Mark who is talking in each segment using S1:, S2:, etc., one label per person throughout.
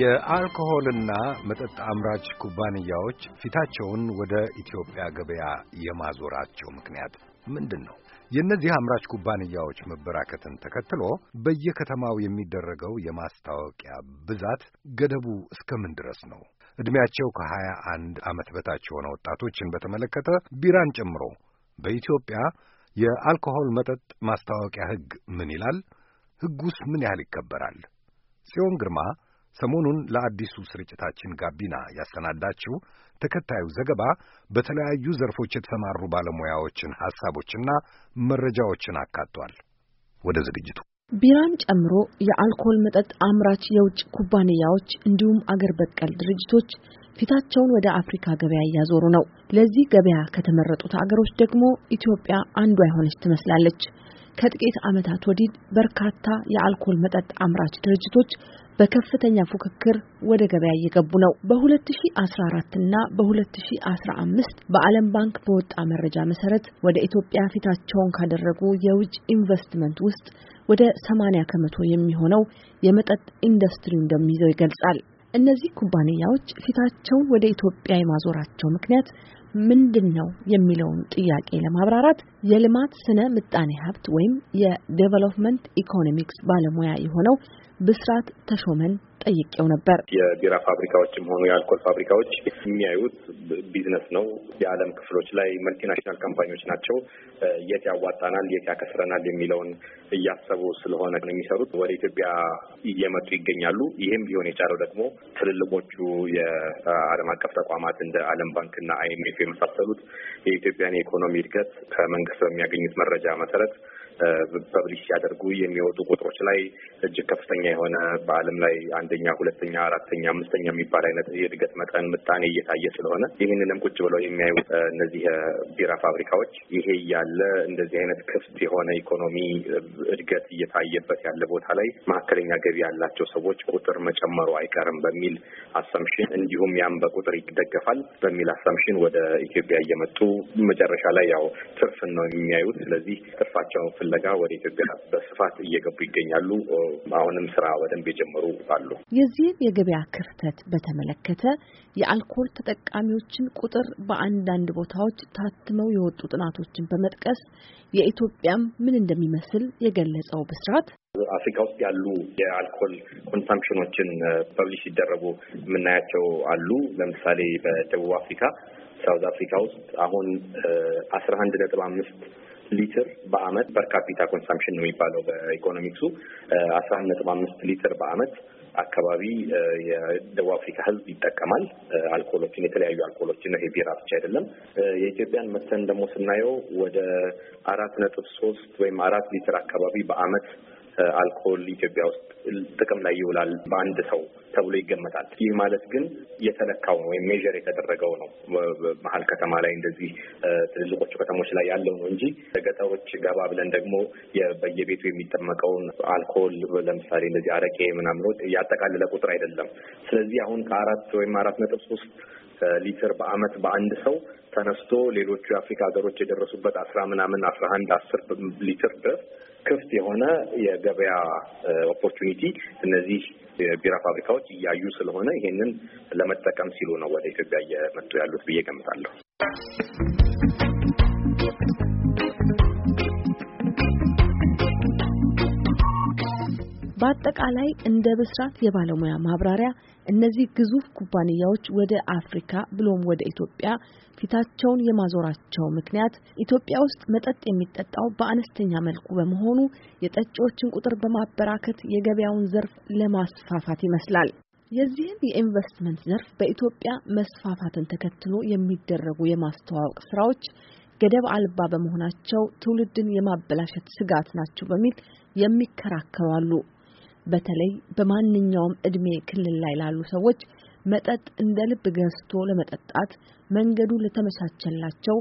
S1: የአልኮሆልና መጠጥ አምራች ኩባንያዎች ፊታቸውን ወደ ኢትዮጵያ ገበያ የማዞራቸው ምክንያት ምንድን ነው? የእነዚህ አምራች ኩባንያዎች መበራከትን ተከትሎ በየከተማው የሚደረገው የማስታወቂያ ብዛት ገደቡ እስከምን ድረስ ነው? ዕድሜያቸው ከሀያ አንድ ዓመት በታች የሆነ ወጣቶችን በተመለከተ ቢራን ጨምሮ በኢትዮጵያ የአልኮሆል መጠጥ ማስታወቂያ ሕግ ምን ይላል? ሕጉስ ምን ያህል ይከበራል? ጽዮን ግርማ ሰሞኑን ለአዲሱ ስርጭታችን ጋቢና ያሰናዳችው ተከታዩ ዘገባ በተለያዩ ዘርፎች የተሰማሩ ባለሙያዎችን ሐሳቦችና መረጃዎችን አካቷል። ወደ ዝግጅቱ
S2: ቢራን ጨምሮ የአልኮል መጠጥ አምራች የውጭ ኩባንያዎች እንዲሁም አገር በቀል ድርጅቶች ፊታቸውን ወደ አፍሪካ ገበያ እያዞሩ ነው። ለዚህ ገበያ ከተመረጡት አገሮች ደግሞ ኢትዮጵያ አንዷ የሆነች ትመስላለች። ከጥቂት ዓመታት ወዲህ በርካታ የአልኮል መጠጥ አምራች ድርጅቶች በከፍተኛ ፉክክር ወደ ገበያ እየገቡ ነው። በ2014 እና በ2015 በዓለም ባንክ በወጣ መረጃ መሰረት ወደ ኢትዮጵያ ፊታቸውን ካደረጉ የውጭ ኢንቨስትመንት ውስጥ ወደ 80 ከመቶ የሚሆነው የመጠጥ ኢንዱስትሪ እንደሚይዘው ይገልጻል። እነዚህ ኩባንያዎች ፊታቸውን ወደ ኢትዮጵያ የማዞራቸው ምክንያት ምንድን ነው የሚለውን ጥያቄ ለማብራራት የልማት ስነ ምጣኔ ሀብት ወይም የዴቨሎፕመንት ኢኮኖሚክስ ባለሙያ የሆነው ብስራት ተሾመን ጠይቄው ነበር።
S3: የቢራ ፋብሪካዎችም ሆኑ የአልኮል ፋብሪካዎች የሚያዩት ቢዝነስ ነው። የዓለም ክፍሎች ላይ መልቲናሽናል ካምፓኒዎች ናቸው። የት ያዋጣናል፣ የት ያከስረናል የሚለውን እያሰቡ ስለሆነ የሚሰሩት ወደ ኢትዮጵያ እየመጡ ይገኛሉ። ይህም ሊሆን የቻለው ደግሞ ትልልቆቹ የዓለም አቀፍ ተቋማት እንደ ዓለም ባንክና አይኤምኤፍ የመሳሰሉት የኢትዮጵያን የኢኮኖሚ እድገት ከመንግስት በሚያገኙት መረጃ መሰረት ፐብሊሽ ሲያደርጉ የሚወጡ ቁጥሮች ላይ እጅግ ከፍተኛ የሆነ በዓለም ላይ አንደኛ፣ ሁለተኛ፣ አራተኛ፣ አምስተኛ የሚባል አይነት የእድገት መጠን ምጣኔ እየታየ ስለሆነ ይህንንም ቁጭ ብለው የሚያዩ እነዚህ ቢራ ፋብሪካዎች ይሄ ያለ እንደዚህ አይነት ክፍት የሆነ ኢኮኖሚ እድገት እየታየበት ያለ ቦታ ላይ መካከለኛ ገቢ ያላቸው ሰዎች ቁጥር መጨመሩ አይቀርም በሚል አሰምሽን እንዲሁም ያም በቁጥር ይደገፋል በሚል አሰምሽን ወደ ኢትዮጵያ እየመጡ መጨረሻ ላይ ያው ትርፍን ነው የሚያዩት። ስለዚህ ትርፋቸውን ፍለጋ ወደ ኢትዮጵያ በስፋት እየገቡ ይገኛሉ። አሁንም ስራ በደንብ የጀመሩ አሉ።
S2: የዚህን የገበያ ክፍተት በተመለከተ የአልኮል ተጠቃሚዎችን ቁጥር በአንዳንድ ቦታዎች ታትመው የወጡ ጥናቶችን በመጥቀስ የኢትዮጵያም ምን እንደሚመስል የገለጸው ብስራት
S3: አፍሪካ ውስጥ ያሉ የአልኮል ኮንሳምፕሽኖችን ፐብሊሽ ሲደረጉ የምናያቸው አሉ። ለምሳሌ በደቡብ አፍሪካ፣ ሳውዝ አፍሪካ ውስጥ አሁን አስራ አንድ ነጥብ አምስት ሊትር በአመት በርካፒታ ካፒታ ኮንሳምፕሽን ነው የሚባለው በኢኮኖሚክሱ አስራ አንድ ነጥብ አምስት ሊትር በአመት አካባቢ የደቡብ አፍሪካ ህዝብ ይጠቀማል። አልኮሎችን የተለያዩ አልኮሎችን ነው፣ ይሄ ቢራ ብቻ አይደለም። የኢትዮጵያን መተን ደግሞ ስናየው ወደ አራት ነጥብ ሶስት ወይም አራት ሊትር አካባቢ በአመት አልኮል ኢትዮጵያ ውስጥ ጥቅም ላይ ይውላል በአንድ ሰው ተብሎ ይገመታል። ይህ ማለት ግን የተለካው ነው ወይም ሜዥር የተደረገው ነው መሀል ከተማ ላይ እንደዚህ ትልልቆቹ ከተሞች ላይ ያለው ነው እንጂ ገጠሮች ገባ ብለን ደግሞ በየቤቱ የሚጠመቀውን አልኮል ለምሳሌ እንደዚህ አረቄ ምናምን ያጠቃልለ ቁጥር አይደለም። ስለዚህ አሁን ከአራት ወይም አራት ነጥብ ሶስት ሊትር በአመት በአንድ ሰው ተነስቶ ሌሎቹ የአፍሪካ ሀገሮች የደረሱበት አስራ ምናምን አስራ አንድ አስር ሊትር ድረስ ክፍት የሆነ የገበያ ኦፖርቹኒቲ እነዚህ የቢራ ፋብሪካዎች እያዩ ስለሆነ ይሄንን ለመጠቀም ሲሉ ነው ወደ ኢትዮጵያ እየመጡ ያሉት ብዬ ገምታለሁ።
S2: በአጠቃላይ እንደ ብስራት የባለሙያ ማብራሪያ እነዚህ ግዙፍ ኩባንያዎች ወደ አፍሪካ ብሎም ወደ ኢትዮጵያ ፊታቸውን የማዞራቸው ምክንያት ኢትዮጵያ ውስጥ መጠጥ የሚጠጣው በአነስተኛ መልኩ በመሆኑ የጠጪዎችን ቁጥር በማበራከት የገበያውን ዘርፍ ለማስፋፋት ይመስላል። የዚህም የኢንቨስትመንት ዘርፍ በኢትዮጵያ መስፋፋትን ተከትሎ የሚደረጉ የማስተዋወቅ ስራዎች ገደብ አልባ በመሆናቸው ትውልድን የማበላሸት ስጋት ናቸው በሚል የሚከራከሩ አሉ። በተለይ በማንኛውም እድሜ ክልል ላይ ላሉ ሰዎች መጠጥ እንደ ልብ ገዝቶ ለመጠጣት መንገዱ ለተመቻቸላቸው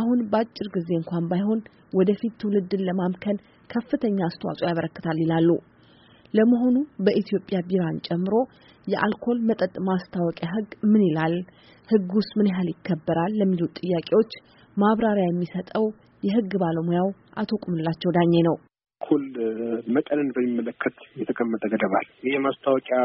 S2: አሁን በአጭር ጊዜ እንኳን ባይሆን ወደፊት ትውልድን ለማምከን ከፍተኛ አስተዋጽኦ ያበረክታል ይላሉ። ለመሆኑ በኢትዮጵያ ቢራን ጨምሮ የአልኮል መጠጥ ማስታወቂያ ሕግ ምን ይላል? ሕጉስ ምን ያህል ይከበራል? ለሚሉት ጥያቄዎች ማብራሪያ የሚሰጠው የሕግ ባለሙያው አቶ ቁምላቸው ዳኜ ነው። በኩል መጠንን በሚመለከት የተቀመጠ ገደባል።
S4: ይህ ማስታወቂያ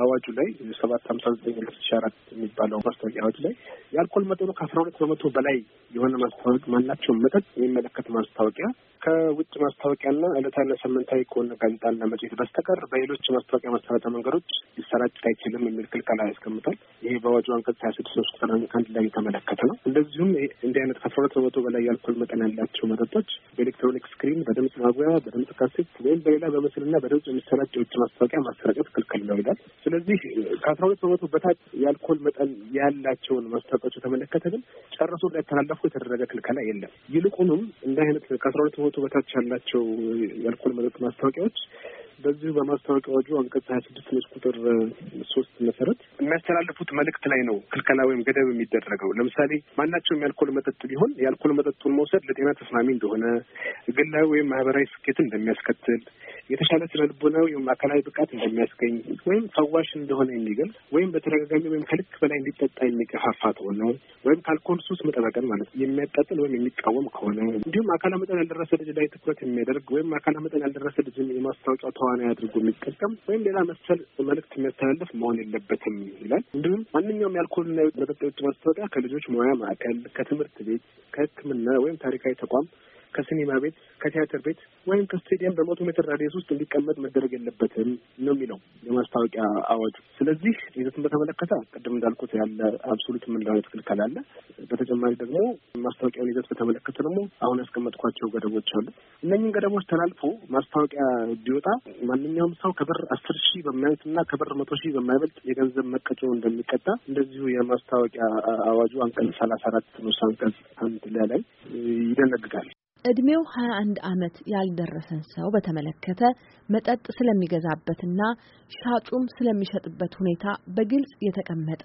S4: አዋጁ ላይ ሰባት ሀምሳ ዘጠኝ ሁለት ሺ አራት የሚባለው ማስታወቂያ አዋጅ ላይ የአልኮል መጠኑ ከአስራ ሁለት በመቶ በላይ የሆነ ማስታወቅ ማናቸውን መጠጥ የሚመለከት ማስታወቂያ ከውጭ ማስታወቂያና ዕለታና ሳምንታዊ ከሆነ ጋዜጣና መጽሔት በስተቀር በሌሎች ማስታወቂያ ማሰራጫ መንገዶች ሊሰራጭ አይችልም የሚል ክልከላ ያስቀምጣል። ይሄ በአዋጁ አንቀጽ ሀያ ስድስት ሶስት ቁጥር አንድ ላይ የተመለከተ ነው። እንደዚሁም እንዲህ አይነት ከአስራ ሁለት በመቶ በላይ የአልኮል መጠን ያላቸው መጠጦች በኤሌክትሮኒክ ስክሪን፣ በድምፅ ማጉያ፣ እንቅስቃሴ ወይም በሌላ በምስልና በድምጽ የሚሰራጭ የውጭ ማስታወቂያ ማሰራጨት ክልክል ነው ይላል። ስለዚህ ከአስራ ሁለት በመቶ በታች የአልኮል መጠን ያላቸውን ማስታወቂያዎች የተመለከተ ግን ጨርሶ እንዳይተላለፉ የተደረገ ክልከላ የለም። ይልቁንም እንደ አይነት ከአስራ ሁለት በመቶ በታች ያላቸው የአልኮል መጠጥ ማስታወቂያዎች በዚሁ በማስታወቂያ አዋጁ አንቀጽ ሀያ ስድስት ንዑስ ቁጥር ሶስት መሰረት የሚያስተላልፉት መልእክት ላይ ነው ክልከላ ወይም ገደብ የሚደረገው። ለምሳሌ ማናቸውም የአልኮል መጠጥ ቢሆን የአልኮል መጠጡን መውሰድ ለጤና ተስማሚ እንደሆነ፣ ግላዊ ወይም ማህበራዊ ስኬትን እንደሚያስከትል የተሻለ ስነ ልቦናዊ ወይም አካላዊ ብቃት እንደሚያስገኝ ወይም ፈዋሽ እንደሆነ የሚገልጽ ወይም በተደጋጋሚ ወይም ከልክ በላይ እንዲጠጣ የሚገፋፋ ከሆነ ወይም ከአልኮል ሱስ መጠበቅን ማለት የሚያጣጥል ወይም የሚቃወም ከሆነ እንዲሁም አካለ መጠን ያልደረሰ ልጅ ላይ ትኩረት የሚያደርግ ወይም አካለ መጠን ያልደረሰ ልጅ የማስታወቂያ ተዋናይ አድርጎ የሚጠቀም ወይም ሌላ መሰል መልእክት የሚያስተላልፍ መሆን የለበትም ይላል። እንዲሁም ማንኛውም የአልኮልና መጠጦች ማስታወቂያ ከልጆች ሙያ ማዕከል፣ ከትምህርት ቤት፣ ከሕክምና ወይም ታሪካዊ ተቋም ከሲኒማ ቤት፣ ከቲያትር ቤት ወይም ከስቴዲየም በመቶ ሜትር ራዲየስ ውስጥ እንዲቀመጥ መደረግ የለበትም ነው የሚለው የማስታወቂያ አዋጁ። ስለዚህ ይዘትን በተመለከተ ቅድም እንዳልኩት ያለ አብሶሉት የምንለው አይነት ክልከላ አለ። በተጨማሪ ደግሞ ማስታወቂያውን ይዘት በተመለከተ ደግሞ አሁን ያስቀመጥኳቸው ገደቦች አሉ። እነኝን ገደቦች ተላልፎ ማስታወቂያ እንዲወጣ ማንኛውም ሰው ከብር አስር ሺህ በማያንስ እና ከብር መቶ ሺህ በማይበልጥ የገንዘብ መቀጮ እንደሚቀጣ እንደዚሁ የማስታወቂያ አዋጁ አንቀጽ ሰላሳ አራት ንዑስ አንቀጽ አንድ ላይ ይደነግጋል።
S2: እድሜው 21 ዓመት ያልደረሰን ሰው በተመለከተ መጠጥ ስለሚገዛበትና ሻጩም ስለሚሸጥበት ሁኔታ በግልጽ የተቀመጠ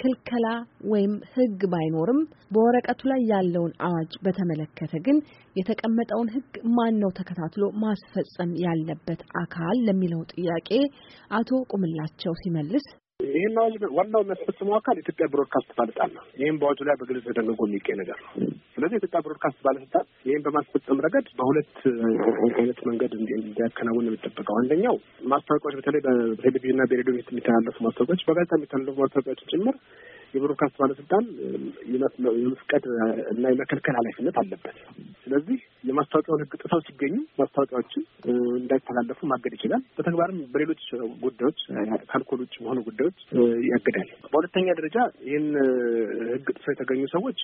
S2: ክልከላ ወይም ሕግ ባይኖርም በወረቀቱ ላይ ያለውን አዋጅ በተመለከተ ግን የተቀመጠውን ሕግ ማን ነው ተከታትሎ ማስፈጸም ያለበት አካል ለሚለው ጥያቄ አቶ ቁምላቸው ሲመልስ
S4: ይህን አዋጅ ዋናው የሚያስፈጽመው አካል ኢትዮጵያ ብሮድካስት ባለስልጣን ነው። ይህም በአዋጁ ላይ በግልጽ ተደንግጎ የሚገኝ ነገር ነው። ስለዚህ የኢትዮጵያ ብሮድካስት ባለስልጣን ይህን በማስፈጸም ረገድ በሁለት አይነት መንገድ እንዲያከናውን የሚጠበቀው አንደኛው ማስታወቂያዎች፣ በተለይ በቴሌቪዥንና በሬዲዮ የሚተላለፉ ማስታወቂያዎች፣ በጋዜጣ የሚተላለፉ ማስታወቂያዎች ጭምር የብሮድካስት ባለስልጣን የመፍቀድ እና የመከልከል ኃላፊነት አለበት። ስለዚህ የማስታወቂያውን ሕግ ጥሰው ሲገኙ ማስታወቂያዎችን እንዳይተላለፉ ማገድ ይችላል። በተግባርም በሌሎች ጉዳዮች ከአልኮል ውጭ በሆኑ ጉዳዮች ያግዳል። በሁለተኛ ደረጃ ይህን ሕግ ጥሰው የተገኙ ሰዎች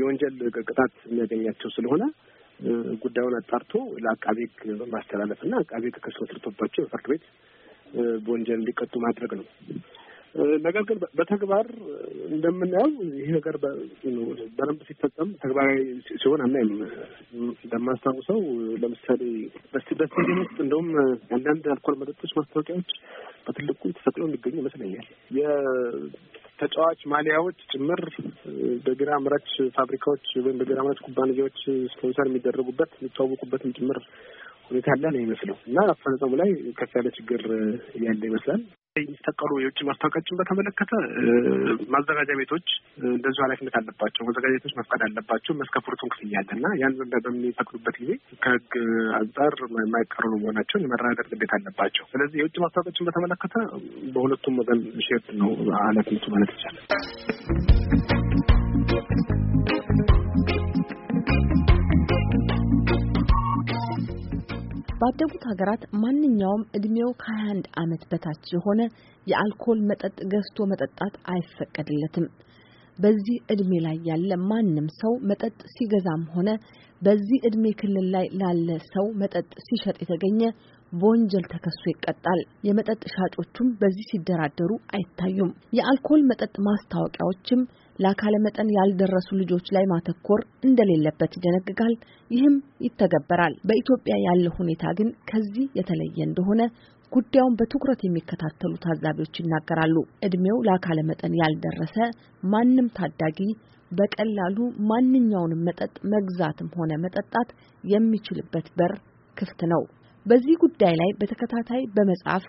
S4: የወንጀል ቅጣት የሚያገኛቸው ስለሆነ ጉዳዩን አጣርቶ ለአቃቤ ሕግ ማስተላለፍ እና አቃቤ ሕግ ክስ መስርቶባቸው በፍርድ ቤት በወንጀል እንዲቀጡ ማድረግ ነው። ነገር ግን በተግባር እንደምናየው ይህ ነገር በደንብ ሲፈጸም ተግባራዊ ሲሆን አናይም። እንደማስታውሰው ለምሳሌ በስቴዲየም ውስጥ እንደውም አንዳንድ አልኮል መጠጦች ማስታወቂያዎች በትልቁ ተሰቅለው የሚገኙ ይመስለኛል። የተጫዋች ማሊያዎች ጭምር በቢራ አምራች ፋብሪካዎች ወይም በቢራ አምራች ኩባንያዎች ስፖንሰር የሚደረጉበት የሚተዋወቁበትም ጭምር ሁኔታ ያለ ነው ይመስለው እና አፈጻጸሙ ላይ ከፍ ያለ ችግር ያለ ይመስላል። የሚፈቀዱ የውጭ ማስታወቂያዎችን በተመለከተ ማዘጋጃ ቤቶች እንደዚሁ ኃላፊነት አለባቸው። ማዘጋጃ ቤቶች መፍቀድ አለባቸው። መስከፍርቱን ክፍያ አለ እና ያን በሚፈቅዱበት ጊዜ ከህግ አንጻር የማይቀሩ መሆናቸውን የመረጋገጥ ግዴታ አለባቸው። ስለዚህ የውጭ ማስታወቂያዎችን በተመለከተ በሁለቱም ወገን ሼርድ ነው ኃላፊነቱ ማለት ይቻላል።
S2: ባደጉት ሀገራት ማንኛውም እድሜው ከ21 ዓመት በታች የሆነ የአልኮል መጠጥ ገዝቶ መጠጣት አይፈቀድለትም። በዚህ እድሜ ላይ ያለ ማንም ሰው መጠጥ ሲገዛም ሆነ በዚህ እድሜ ክልል ላይ ላለ ሰው መጠጥ ሲሸጥ የተገኘ በወንጀል ተከሶ ይቀጣል። የመጠጥ ሻጮቹም በዚህ ሲደራደሩ አይታዩም። የአልኮል መጠጥ ማስታወቂያዎችም ለአካለ መጠን ያልደረሱ ልጆች ላይ ማተኮር እንደሌለበት ይደነግጋል። ይህም ይተገበራል። በኢትዮጵያ ያለው ሁኔታ ግን ከዚህ የተለየ እንደሆነ ጉዳዩን በትኩረት የሚከታተሉ ታዛቢዎች ይናገራሉ። እድሜው ለአካለ መጠን ያልደረሰ ማንም ታዳጊ በቀላሉ ማንኛውንም መጠጥ መግዛትም ሆነ መጠጣት የሚችልበት በር ክፍት ነው። በዚህ ጉዳይ ላይ በተከታታይ በመጻፍ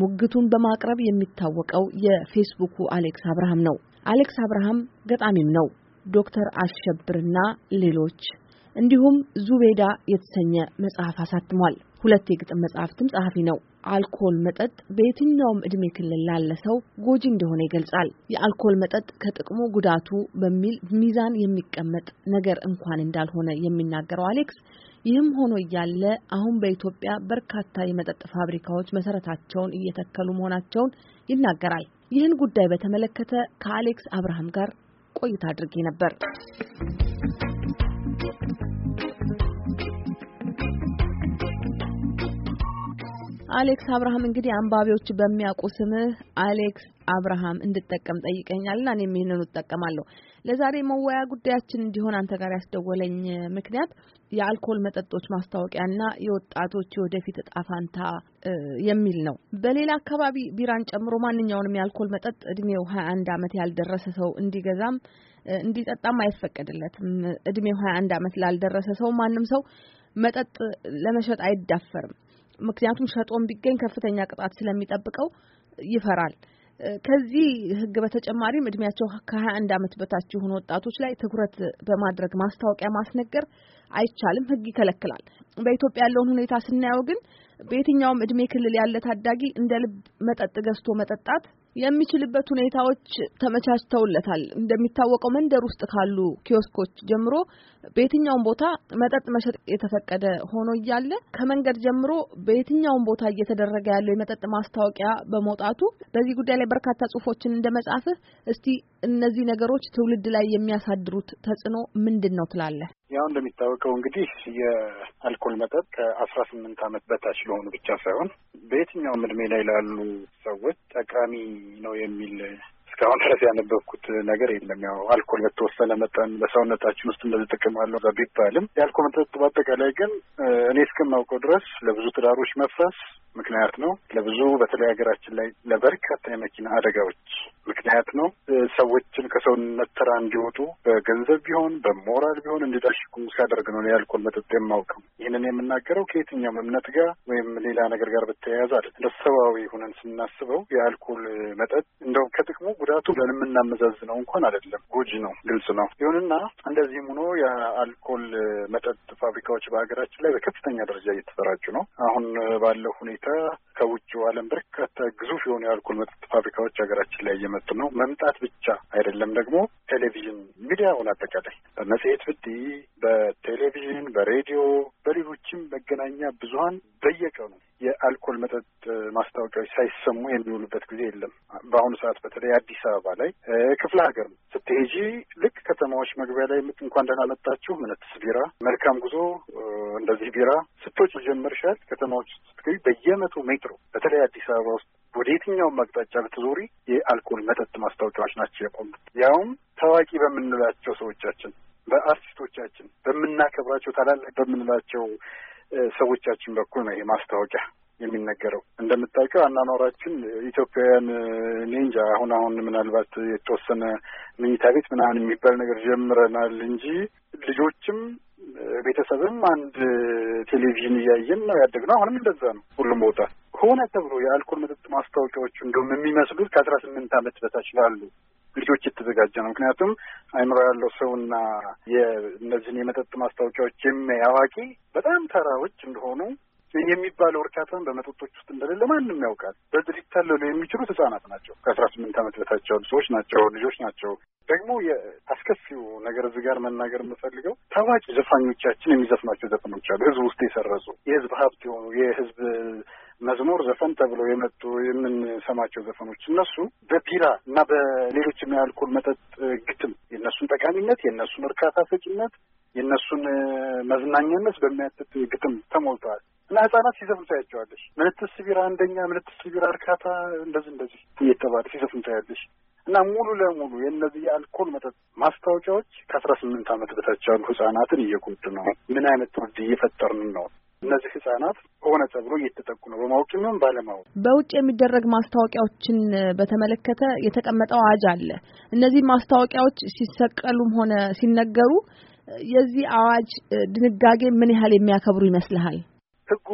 S2: ሙግቱን በማቅረብ የሚታወቀው የፌስቡኩ አሌክስ አብርሃም ነው። አሌክስ አብርሃም ገጣሚም ነው። ዶክተር አሸብርና ሌሎች እንዲሁም ዙቤዳ የተሰኘ መጽሐፍ አሳትሟል። ሁለት የግጥም መጽሐፍትም ጸሐፊ ነው። አልኮል መጠጥ በየትኛውም እድሜ ክልል ላለ ሰው ጎጂ እንደሆነ ይገልጻል። የአልኮል መጠጥ ከጥቅሙ ጉዳቱ በሚል ሚዛን የሚቀመጥ ነገር እንኳን እንዳልሆነ የሚናገረው አሌክስ ይህም ሆኖ እያለ አሁን በኢትዮጵያ በርካታ የመጠጥ ፋብሪካዎች መሰረታቸውን እየተከሉ መሆናቸውን ይናገራል። ይህን ጉዳይ በተመለከተ ከአሌክስ አብርሃም ጋር ቆይታ አድርጌ ነበር። አሌክስ አብርሃም እንግዲህ አንባቢዎች በሚያውቁ ስምህ አሌክስ አብርሃም እንድጠቀም ጠይቀኛልና እኔም ይህንኑ እጠቀማለሁ። ለዛሬ መወያ ጉዳያችን እንዲሆን አንተ ጋር ያስደወለኝ ምክንያት የአልኮል መጠጦች ማስታወቂያና የወጣቶች የወደፊት እጣ የሚል ነው። በሌላ አካባቢ ቢራን ጨምሮ ማንኛውንም የአልኮል መጠጥ እድሜው 21 አንድ ዓመት ያልደረሰ ሰው እንዲገዛም እንዲጠጣም አይፈቀድለትም። እድሜው 21 አንድ ዓመት ላልደረሰ ሰው ማንም ሰው መጠጥ ለመሸጥ አይዳፈርም። ምክንያቱም ሸጦም ቢገኝ ከፍተኛ ቅጣት ስለሚጠብቀው ይፈራል። ከዚህ ህግ በተጨማሪም እድሜያቸው ከሀያ አንድ አመት በታች የሆኑ ወጣቶች ላይ ትኩረት በማድረግ ማስታወቂያ ማስነገር አይቻልም፣ ህግ ይከለክላል። በኢትዮጵያ ያለውን ሁኔታ ስናየው ግን በየትኛውም እድሜ ክልል ያለ ታዳጊ እንደ ልብ መጠጥ ገዝቶ መጠጣት የሚችልበት ሁኔታዎች ተመቻችተውለታል። እንደሚታወቀው መንደር ውስጥ ካሉ ኪዮስኮች ጀምሮ በየትኛውም ቦታ መጠጥ መሸጥ የተፈቀደ ሆኖ እያለ ከመንገድ ጀምሮ በየትኛውም ቦታ እየተደረገ ያለው የመጠጥ ማስታወቂያ በመውጣቱ በዚህ ጉዳይ ላይ በርካታ ጽሁፎችን እንደ መጻፍህ እስቲ እነዚህ ነገሮች ትውልድ ላይ የሚያሳድሩት ተጽዕኖ ምንድን ነው ትላለህ?
S1: ያው እንደሚታወቀው እንግዲህ የአልኮል መጠጥ ከአስራ ስምንት ዓመት በታች ለሆኑ ብቻ ሳይሆን በየትኛውም እድሜ ላይ ላሉ ሰዎች ጠቃሚ ነው የሚል እስካሁን ድረስ ያነበብኩት ነገር የለም። ያው አልኮል በተወሰነ መጠን በሰውነታችን ውስጥ እንደዚህ ጥቅም አለው ቢባልም የአልኮል መጠጥ በአጠቃላይ ግን እኔ እስከማውቀው ድረስ ለብዙ ትዳሮች መፍረስ ምክንያት ነው። ለብዙ በተለይ ሀገራችን ላይ ለበርካታ የመኪና አደጋዎች ምክንያት ነው። ሰዎችን ከሰውነት ተራ እንዲወጡ በገንዘብ ቢሆን በሞራል ቢሆን እንዲዳሽቁ ሲያደርግ ነው የአልኮል መጠጥ የማውቀው። ይህንን የምናገረው ከየትኛውም እምነት ጋር ወይም ሌላ ነገር ጋር በተያያዘ አይደለም። እንደ ሰብአዊ ሁነን ስናስበው የአልኮል መጠጥ እንደውም ከጥቅሙ ጉዳ ጉዳቱ የምናመዛዝነው እንኳን አይደለም፣ ጎጂ ነው፣ ግልጽ ነው። ይሁንና እንደዚህም ሆኖ የአልኮል መጠጥ ፋብሪካዎች በሀገራችን ላይ በከፍተኛ ደረጃ እየተሰራጩ ነው። አሁን ባለው ሁኔታ ከውጭው ዓለም በርካታ ግዙፍ የሆኑ የአልኮል መጠጥ ፋብሪካዎች ሀገራችን ላይ እየመጡ ነው። መምጣት ብቻ አይደለም ደግሞ ቴሌቪዥን ሚዲያውን አጠቃላይ በመጽሔት ብድ፣ በቴሌቪዥን፣ በሬዲዮ፣ በሌሎችም መገናኛ ብዙሀን በየቀኑ የአልኮል መጠጥ ማስታወቂያዎች ሳይሰሙ የሚውሉበት ጊዜ የለም። በአሁኑ ሰዓት በተለይ አዲስ አበባ ላይ ክፍለ ሀገር ስትሄጂ ልክ ከተማዎች መግቢያ ላይ እንኳን ደህና መጣችሁ ምንትስ ቢራ፣ መልካም ጉዞ እንደዚህ ቢራ ስትወጪ ጀመርሻል። ከተማዎች ስትገቢ በየመቶ ጥሩ። በተለይ አዲስ አበባ ውስጥ ወደ የትኛውም አቅጣጫ ብትዞሪ የአልኮል መጠጥ ማስታወቂያዎች ናቸው የቆሙት። ያውም ታዋቂ በምንላቸው ሰዎቻችን፣ በአርቲስቶቻችን፣ በምናከብራቸው ታላላቅ በምንላቸው ሰዎቻችን በኩል ነው ይሄ ማስታወቂያ የሚነገረው እንደምታውቀው አናኗራችን ኢትዮጵያውያን እኔ እንጃ አሁን አሁን ምናልባት የተወሰነ መኝታ ቤት ምናምን የሚባል ነገር ጀምረናል እንጂ ልጆችም ቤተሰብም አንድ ቴሌቪዥን እያየን ነው ያደግነው። አሁንም እንደዛ ነው። ሁሉም ቦታ ሆነ ተብሎ የአልኮል መጠጥ ማስታወቂያዎቹ እንደውም የሚመስሉት ከአስራ ስምንት ዓመት በታች ላሉ ልጆች የተዘጋጀ ነው። ምክንያቱም አይምሮ ያለው ሰውና የእነዚህን የመጠጥ ማስታወቂያዎች የሚያዋቂ አዋቂ በጣም ተራዎች እንደሆኑ የሚባለው እርካታን በመጠጦች ውስጥ እንደሌለ ማንም ያውቃል። በዚህ ሊታለሉ የሚችሉት ህጻናት ናቸው። ከአስራ ስምንት ዓመት በታቸው ሰዎች ናቸው፣ ልጆች ናቸው። ደግሞ የአስከፊው ነገር እዚህ ጋር መናገር የምፈልገው ታዋቂ ዘፋኞቻችን የሚዘፍኗቸው ዘፈኖች አሉ፣ ህዝብ ውስጥ የሰረጹ የህዝብ ሀብት የሆኑ የህዝብ መዝሙር ዘፈን ተብለው የመጡ የምንሰማቸው ዘፈኖች እነሱ በቢራ እና በሌሎች የአልኮል መጠጥ ግጥም የእነሱን ጠቃሚነት የእነሱን እርካታ ሰጭነት የእነሱን መዝናኛነት በሚያትት ግጥም ተሞልተዋል። እና ህጻናት ሲዘፍኑ ታያቸዋለሽ። ምንትስ ቢራ አንደኛ፣ ምንትስ ቢራ እርካታ፣ እንደዚህ እንደዚህ እየተባለ ሲዘፍኑ ታያለሽ። እና ሙሉ ለሙሉ የእነዚህ የአልኮል መጠጥ ማስታወቂያዎች ከአስራ ስምንት አመት በታች ያሉ ህጻናትን እየጎዱ ነው። ምን አይነት ትውልድ እየፈጠርን ነው? እነዚህ ህጻናት ሆነ ተብሎ እየተጠቁ ነው፣ በማወቅ ይሁን ባለማወቅ።
S2: በውጭ የሚደረግ ማስታወቂያዎችን በተመለከተ የተቀመጠው አዋጅ አለ። እነዚህ ማስታወቂያዎች ሲሰቀሉም ሆነ ሲነገሩ የዚህ አዋጅ ድንጋጌ ምን ያህል የሚያከብሩ ይመስልሃል?
S1: ህጉ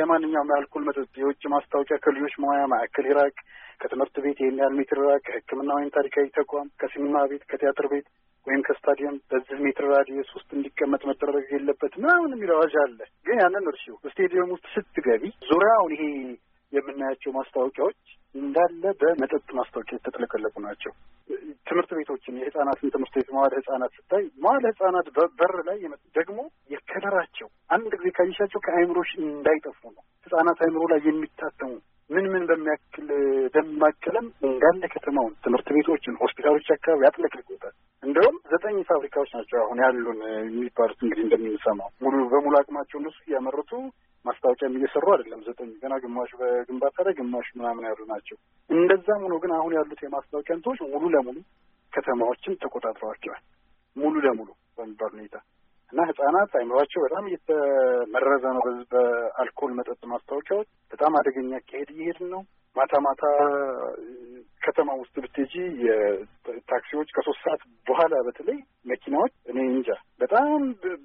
S1: የማንኛውም የአልኮል መጠጥ የውጭ ማስታወቂያ ከልጆች መዋያ ማዕከል ይራቅ፣ ከትምህርት ቤት ይህን ያህል ሜትር ይራቅ፣ ከህክምና ወይም ታሪካዊ ተቋም፣ ከሲኒማ ቤት፣ ከቲያትር ቤት ወይም ከስታዲየም በዚህ ሜትር ራዲየስ ውስጥ እንዲቀመጥ መደረግ የለበት ምናምን የሚለው አዋጅ አለ። ግን ያንን እርሺው ስቴዲየም ውስጥ ስትገቢ ዙሪያውን ይሄ የምናያቸው ማስታወቂያዎች እንዳለ በመጠጥ ማስታወቂያ የተጠለቀለቁ ናቸው። ትምህርት ቤቶችን የህጻናትን ትምህርት ቤት መዋል ህጻናት ስታይ መዋል ህጻናት በበር ላይ ደግሞ የከለራቸው አንድ ጊዜ ካየሻቸው ከአእምሮሽ እንዳይጠፉ ነው። ህጻናት አይምሮ ላይ የሚታተሙ ምን ምን በሚያክል ደማቅ ቀለም እንዳለ ከተማውን፣ ትምህርት ቤቶችን፣ ሆስፒታሎች አካባቢ ያጥለቅልቆታል። እንደውም ዘጠኝ ፋብሪካዎች ናቸው አሁን ያሉን የሚባሉት እንግዲህ እንደምንሰማው ሙሉ በሙሉ አቅማቸው እነሱ እያመረቱ ማስታወቂያም እየሰሩ አይደለም። ዘጠኝ ገና ግማሽ በግንባታ ላይ ግማሽ ምናምን ያሉ ናቸው። እንደዛም ሆኖ ግን አሁን ያሉት የማስታወቂያ እንትኖች ሙሉ ለሙሉ ከተማዎችን ተቆጣጥረዋቸዋል ሙሉ ለሙሉ በሚባል ሁኔታ እና ህጻናት አይምሯቸው በጣም እየተመረዘ ነው። በዚህ በአልኮል መጠጥ ማስታወቂያዎች በጣም አደገኛ አካሄድ እየሄድን ነው። ማታ ማታ ከተማ ውስጥ ብትሄጂ የታክሲዎች ከሶስት ሰዓት በኋላ በተለይ መኪናዎች እኔ እንጃ በጣም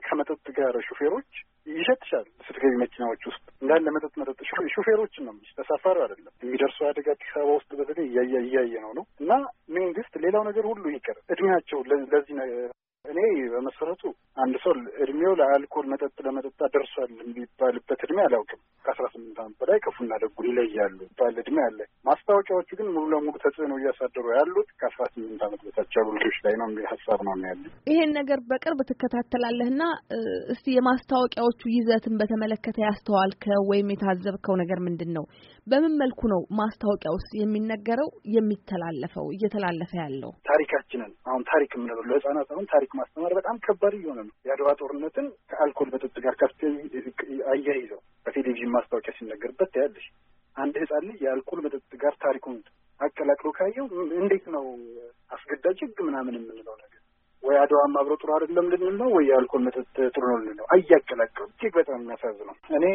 S1: ከመጠጥ ጋር ሹፌሮች ይሸትሻል። ስትገቢ መኪናዎች ውስጥ እንዳለ መጠጥ መጠጥ ሹፌሮችን ነው የሚሽ ተሳፋሪ አይደለም። የሚደርሰው አደጋ አዲስ አበባ ውስጥ በተለይ እያየ ነው ነው እና መንግስት ሌላው ነገር ሁሉ ይቅር እድሜያቸው ለዚህ እኔ በመሰረቱ አንድ ሰው እድሜው ለአልኮል መጠጥ ለመጠጣ ደርሷል የሚባልበት እድሜ አላውቅም። ከአስራ ስምንት ዓመት በላይ ክፉና ደጉ ይለያሉ ይባል እድሜ አለ። ማስታወቂያዎቹ ግን ሙሉ ለሙሉ ተጽዕኖ እያሳደሩ ያሉት ከአስራ ስምንት ዓመት በታች ያሉ ላይ ነው የሚል ሀሳብ ነው ያለ።
S2: ይሄን ነገር በቅርብ ትከታተላለህና እስቲ የማስታወቂያዎቹ ይዘትን በተመለከተ ያስተዋልከው ወይም የታዘብከው ነገር ምንድን ነው? በምን መልኩ ነው ማስታወቂያ ውስጥ የሚነገረው የሚተላለፈው እየተላለፈ ያለው?
S1: ታሪካችንን አሁን ታሪክ የምንለው ለህጻናት አሁን ታሪክ ማስተማር በጣም ከባድ እየሆነ ነው። የአድዋ ጦርነትን ከአልኮል መጠጥ ጋር ከፍ አያይዘው በቴሌቪዥን ማስታወቂያ ሲነገርበት ታያለሽ። አንድ ህጻን ልጅ የአልኮል መጠጥ ጋር ታሪኩን አቀላቅሎ ካየው እንዴት ነው አስገዳጅ ህግ ምናምን የምንለው ነገር ወይ አድዋም አብሮ ጥሩ አይደለም ልንል ነው ወይ የአልኮል መጠጥ ጥሩ ነው ልንል ነው። አያቀላቅሉ እጅግ በጣም ነው። እኔ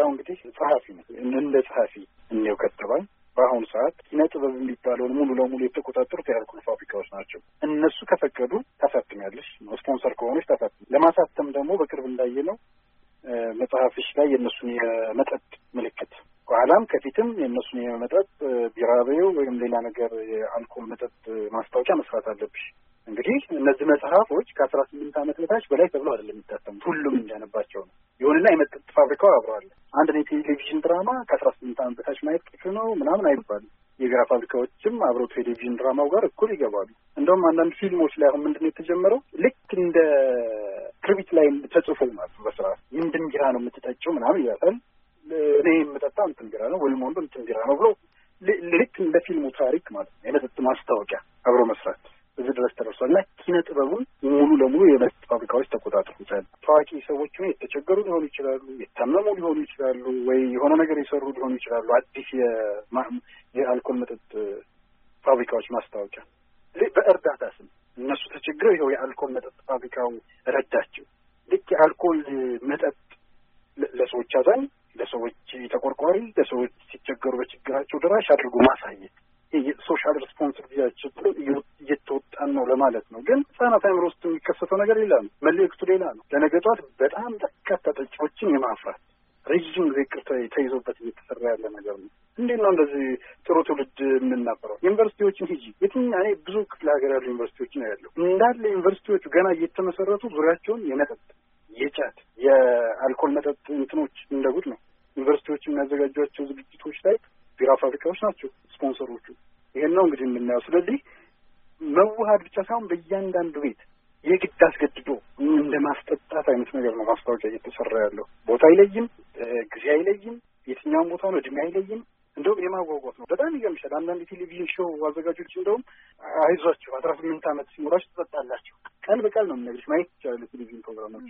S1: ያው እንግዲህ ጸሐፊ ነው። እንደ ጸሐፊ እኔው ከተባል በአሁኑ ሰዓት ኪነ ጥበብ የሚባለውን ሙሉ ለሙሉ የተቆጣጠሩት የአልኮል ፋብሪካዎች ናቸው። እነሱ ከፈቀዱ ተፈትሚያለሽ፣ ስፖንሰር ከሆነች ታሳትም። ለማሳተም ደግሞ በቅርብ እንዳየ ነው መጽሐፍሽ ላይ የእነሱን የመጠጥ ምልክት ከኋላም ከፊትም የእነሱን የመጠጥ ቢራቤው ወይም ሌላ ነገር የአልኮል መጠጥ ማስታወቂያ መስራት አለብሽ። እንግዲህ እነዚህ መጽሐፎች ከአስራ ስምንት ዓመት በታች በላይ ተብሎ አይደለም የሚታተሙት፣ ሁሉም እንዲያነባቸው ነው። ይሁንና የመጠጥ ፋብሪካው አብረዋለ አንድ የቴሌቪዥን ድራማ ከአስራ ስምንት ዓመት በታች ማየት ቅፍ ነው ምናምን አይባልም። የቢራ ፋብሪካዎችም አብረው ቴሌቪዥን ድራማው ጋር እኩል ይገባሉ። እንደውም አንዳንድ ፊልሞች ላይ አሁን ምንድነው የተጀመረው ልክ እንደ ክርቢት ላይ ተጽፎ ማለት በስርዓት ምንድን ቢራ ነው የምትጠጪው ምናምን ይላታል። እኔ የምጠጣ እንትን ቢራ ነው ወይም ወንዶ እንትን ቢራ ነው ብሎ ልክ እንደ ፊልሙ ታሪክ ማለት ነው የመጠጥ ማስታወቂያ አብሮ መስራት ድረስ ተደርሷል እና ኪነ ጥበቡን ሙሉ ለሙሉ የመስት ፋብሪካዎች ተቆጣጥሩታል። ታዋቂ ሰዎች የተቸገሩ ሊሆኑ ይችላሉ፣ የታመሙ ሊሆኑ ይችላሉ፣ ወይ የሆነ ነገር የሰሩ ሊሆኑ ይችላሉ። አዲስ የአልኮል መጠጥ ፋብሪካዎች ማስታወቂያ በእርዳታ ስም እነሱ ተቸግረው ይኸው የአልኮል መጠጥ ፋብሪካው ረዳቸው። ልክ የአልኮል መጠጥ ለሰዎች አዛኝ፣ ለሰዎች ተቆርቋሪ፣ ለሰዎች ሲቸገሩ በችግራቸው ደራሽ አድርጎ ማሳየት የሶሻል ሬስፖንሲቢሊቲያችን እየተወጣን ነው ለማለት ነው። ግን ህጻናት አይምሮ ውስጥ የሚከሰተው ነገር ሌላ ነው። መልእክቱ ሌላ ነው። ለነገ ጠዋት በጣም በርካታ ጠጪዎችን የማፍራት ረዥም ጊዜ ቅርተ ተይዞበት እየተሰራ ያለ ነገር ነው። እንዴት ነው እንደዚህ ጥሩ ትውልድ የምናበረው? ዩኒቨርሲቲዎችን ሂጂ የትኛ እኔ ብዙ ክፍለ ሀገር ያሉ ዩኒቨርሲቲዎች ነው ያለው እንዳለ ዩኒቨርሲቲዎቹ ገና እየተመሰረቱ ዙሪያቸውን የመጠጥ የጫት የአልኮል መጠጥ እንትኖች እንደጉድ ነው። ዩኒቨርሲቲዎች የሚያዘጋጇቸው ዝግጅቶች ላይ ቢራ ፋብሪካዎች ናቸው ስፖንሰሮቹ። ይሄን ነው እንግዲህ የምናየው። ስለዚህ መዋሀድ ብቻ ሳይሆን በእያንዳንዱ ቤት የግድ አስገድዶ እንደ ማስጠጣት አይነት ነገር ነው ማስታወቂያ እየተሰራ ያለው። ቦታ አይለይም፣ ጊዜ አይለይም፣ የትኛውን ቦታ ነው፣ እድሜ አይለይም። እንደውም የማጓጓት ነው። በጣም ይገርምሻል። አንዳንድ የቴሌቪዥን ሾው አዘጋጆች እንደውም አይዟቸው፣ አስራ ስምንት ዓመት ሲኖራቸው ትጠጣላቸው። ቀን በቃል ነው የምነግርሽ። ማየት ይቻላል የቴሌቪዥን ፕሮግራሞች።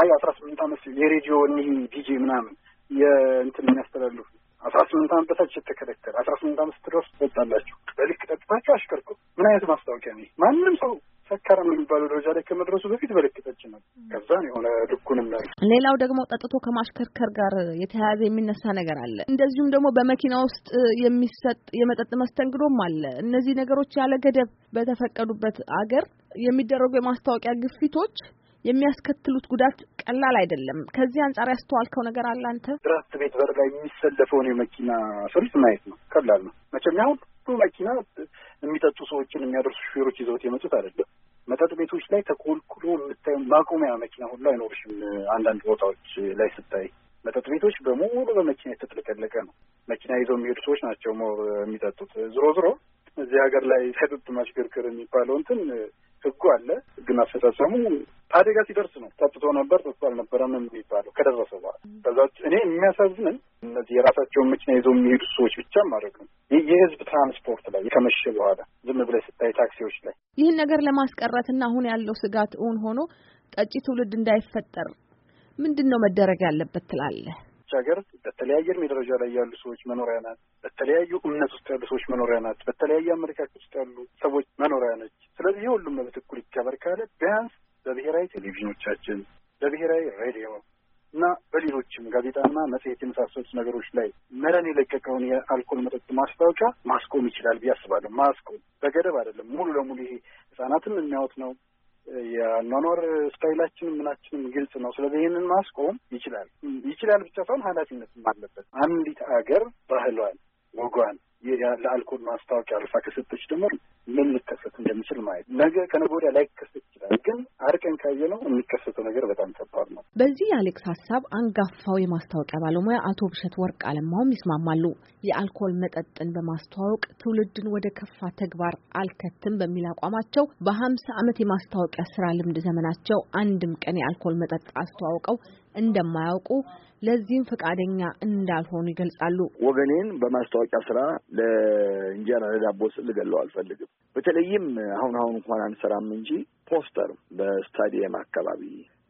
S1: አይ አስራ ስምንት ዓመት የሬዲዮ እኒህ ዲጄ ምናምን የእንትን የሚያስተላልፉ አስራ ስምንት ዓመት በታች የተከለከለ አስራ ስምንት ዓመት ስትደርሱ ትወጣላችሁ። በልክ ጠጥታችሁ አሽከርኩ። ምን አይነት ማስታወቂያ ነው? ማንም ሰው ሰካራም የሚባለው ደረጃ ላይ ከመድረሱ በፊት በልክ ጠጭ ነው። ከዛ የሆነ ልኩን ና
S2: ሌላው ደግሞ ጠጥቶ ከማሽከርከር ጋር የተያያዘ የሚነሳ ነገር አለ። እንደዚሁም ደግሞ በመኪና ውስጥ የሚሰጥ የመጠጥ መስተንግዶም አለ። እነዚህ ነገሮች ያለ ገደብ በተፈቀዱበት አገር የሚደረጉ የማስታወቂያ ግፊቶች የሚያስከትሉት ጉዳት ቀላል አይደለም። ከዚህ አንጻር ያስተዋልከው ነገር አለ አንተ?
S1: ራስት ቤት በር ላይ የሚሰለፈውን የመኪና ፍሪት ማየት ነው። ቀላል ነው መቼም። ያሁን ሁሉ መኪና የሚጠጡ ሰዎችን የሚያደርሱ ሹፌሮች ይዘውት የመጡት አይደለም። መጠጥ ቤቶች ላይ ተኮልኩሎ የምታየው ማቆሚያ መኪና ሁሉ አይኖርሽም። አንዳንድ ቦታዎች ላይ ስታይ መጠጥ ቤቶች በሙሉ በመኪና የተጥለቀለቀ ነው። መኪና ይዘው የሚሄዱ ሰዎች ናቸው የሚጠጡት። ዝሮ ዝሮ እዚህ ሀገር ላይ ሳይጠጡ ማሽከርከር የሚባለው እንትን ህጉ አለ፣ ግን አፈጻጸሙ አደጋ ሲደርስ ነው። ጠጥቶ ነበር ጠጥቶ አልነበረም የሚባለው ከደረሰ በኋላ ከዛ ውጭ እኔ የሚያሳዝንን እነዚህ የራሳቸውን መኪና ይዘው የሚሄዱ ሰዎች ብቻ ማድረግ ነው። ይህ የህዝብ ትራንስፖርት ላይ ከመሸ በኋላ ዝም ብለህ ስታይ ታክሲዎች ላይ
S2: ይህን ነገር ለማስቀረትና አሁን ያለው ስጋት እውን ሆኖ ጠጪ ትውልድ እንዳይፈጠር ምንድን ነው መደረግ ያለበት ትላለህ?
S1: በዚች ሀገር በተለያየ እድሜ ደረጃ ላይ ያሉ ሰዎች መኖሪያ ናት። በተለያዩ እምነት ውስጥ ያሉ ሰዎች መኖሪያ ናት። በተለያየ አመለካከት ውስጥ ያሉ ሰዎች መኖሪያ ነች። ስለዚህ የሁሉም መብት እኩል ይከበር ካለ ቢያንስ በብሔራዊ ቴሌቪዥኖቻችን፣ በብሔራዊ ሬዲዮ እና በሌሎችም ጋዜጣና መጽሔት የመሳሰሉት ነገሮች ላይ መረን የለቀቀውን የአልኮል መጠጥ ማስታወቂያ ማስቆም ይችላል ብዬ አስባለሁ። ማስቆም በገደብ አይደለም፣ ሙሉ ለሙሉ ይሄ ህጻናትም የሚያወት ነው የአኗኗር ስታይላችን ምናችንም ግልጽ ነው። ስለዚህ ይህንን ማስቆም ይችላል ይችላል ብቻ ሳይሆን ኃላፊነትም አለበት። አንዲት አገር ባህሏን፣ ወጓን ለአልኮል ማስታወቂያ አልፋ ከሰጠች ደግሞ ምን ሊከሰት እንደሚችል ማየት ነገ ከነገ ወዲያ ላይከሰት ይችላል። ግን አርቀን ካየ ነው የሚከሰተው ነገር በጣም ከባድ ነው።
S2: በዚህ የአሌክስ ሀሳብ አንጋፋው የማስታወቂያ ባለሙያ አቶ ብሸት ወርቅ አለማውም ይስማማሉ። የአልኮል መጠጥን በማስተዋወቅ ትውልድን ወደ ከፋ ተግባር አልከትም በሚል አቋማቸው በሀምሳ ዓመት የማስታወቂያ ስራ ልምድ ዘመናቸው አንድም ቀን የአልኮል መጠጥ አስተዋውቀው እንደማያውቁ ለዚህም ፈቃደኛ እንዳልሆኑ ይገልጻሉ።
S5: ወገኔን በማስታወቂያ ስራ ለእንጀራ ለዳቦ ስል አልፈልግም። በተለይም አሁን አሁን እንኳን አንሰራም እንጂ ፖስተር በስታዲየም አካባቢ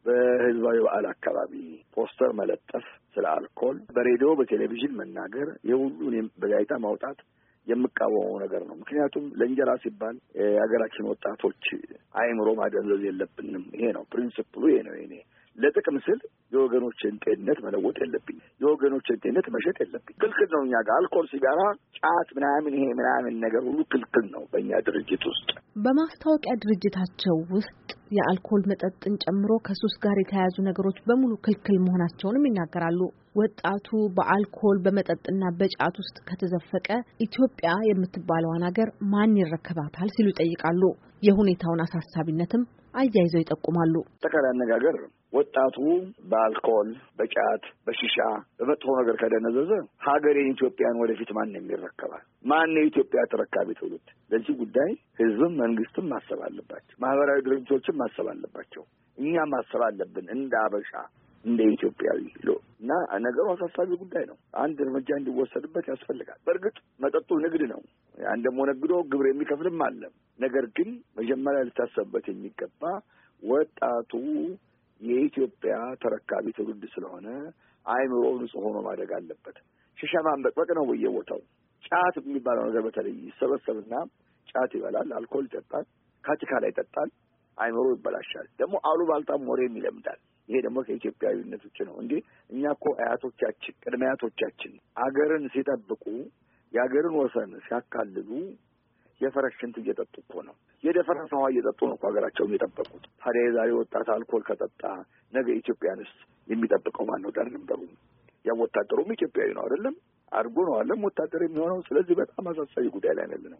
S5: በህዝባዊ በዓል አካባቢ ፖስተር መለጠፍ፣ ስለ አልኮል በሬዲዮ በቴሌቪዥን መናገር፣ የሁሉን በጋዜጣ ማውጣት የምቃወመው ነገር ነው። ምክንያቱም ለእንጀራ ሲባል የሀገራችን ወጣቶች አይምሮ ማደንዘዝ የለብንም። ይሄ ነው ፕሪንስፕሉ፣ ይሄ ነው ይኔ ለጥቅም ስል የወገኖችን ጤንነት መለወጥ የለብኝ። የወገኖችን ጤንነት መሸጥ የለብኝ። ክልክል ነው። እኛ ጋር አልኮል፣ ሲጋራ፣ ጫት ምናምን ይሄ ምናምን ነገር ሁሉ ክልክል ነው በእኛ ድርጅት ውስጥ።
S2: በማስታወቂያ ድርጅታቸው ውስጥ የአልኮል መጠጥን ጨምሮ ከሱስ ጋር የተያያዙ ነገሮች በሙሉ ክልክል መሆናቸውንም ይናገራሉ። ወጣቱ በአልኮል በመጠጥና በጫት ውስጥ ከተዘፈቀ ኢትዮጵያ የምትባለዋን ሀገር ማን ይረከባታል ሲሉ ይጠይቃሉ። የሁኔታውን አሳሳቢነትም አያይዘው ይጠቁማሉ።
S5: አጠቃላይ አነጋገር ወጣቱ በአልኮል፣ በጫት፣ በሽሻ፣ በመጥፎ ነገር ከደነዘዘ ሀገሬን ኢትዮጵያን ወደፊት ማን የሚረከባል? ማን የኢትዮጵያ ተረካቢ ትውልድ? ለዚህ ጉዳይ ህዝብም መንግስትም ማሰብ አለባቸው። ማህበራዊ ድርጅቶችም ማሰብ አለባቸው። እኛም ማሰብ አለብን እንደ አበሻ እንደ ኢትዮጵያዊ ሎ እና ነገሩ አሳሳቢ ጉዳይ ነው። አንድ እርምጃ እንዲወሰድበት ያስፈልጋል። በእርግጥ መጠጡ ንግድ ነው። ያን ደግሞ ነግዶ ግብር የሚከፍልም አለም ነገር ግን መጀመሪያ ሊታሰብበት የሚገባ ወጣቱ የኢትዮጵያ ተረካቢ ትውልድ ስለሆነ አእምሮ ንጹህ ሆኖ ማደግ አለበት። ሽሻ ማንበቅበቅ ነው በየቦታው ጫት የሚባለው ነገር በተለይ ይሰበሰብና ጫት ይበላል፣ አልኮል ይጠጣል፣ ካቲካ ላይ ይጠጣል። አእምሮ ይበላሻል። ደግሞ አሉባልታም ወሬም ይለምዳል። ይሄ ደግሞ ከኢትዮጵያዊነት ውጭ ነው። እንዲህ እኛ እኮ አያቶቻችን ቅድመ አያቶቻችን አገርን ሲጠብቁ የአገርን ወሰን ሲያካልሉ የፈረስ ሽንት እየጠጡ እኮ ነው። የደፈረስ ውሃ እየጠጡ ነው እኮ ሀገራቸውን የጠበቁት። ታዲያ የዛሬ ወጣት አልኮል ከጠጣ ነገ ኢትዮጵያንስ የሚጠብቀው ማን ነው? ዳር በሩ ያ ወታደሩም ኢትዮጵያዊ ነው አይደለም? አድርጎ ነው አለም ወታደር የሚሆነው። ስለዚህ በጣም አሳሳቢ ጉዳይ ላይ ነው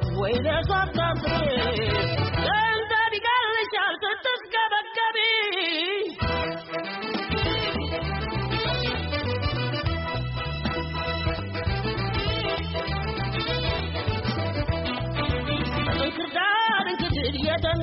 S6: way there's a nothing.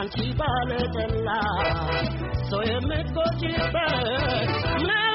S6: anchi vale la so me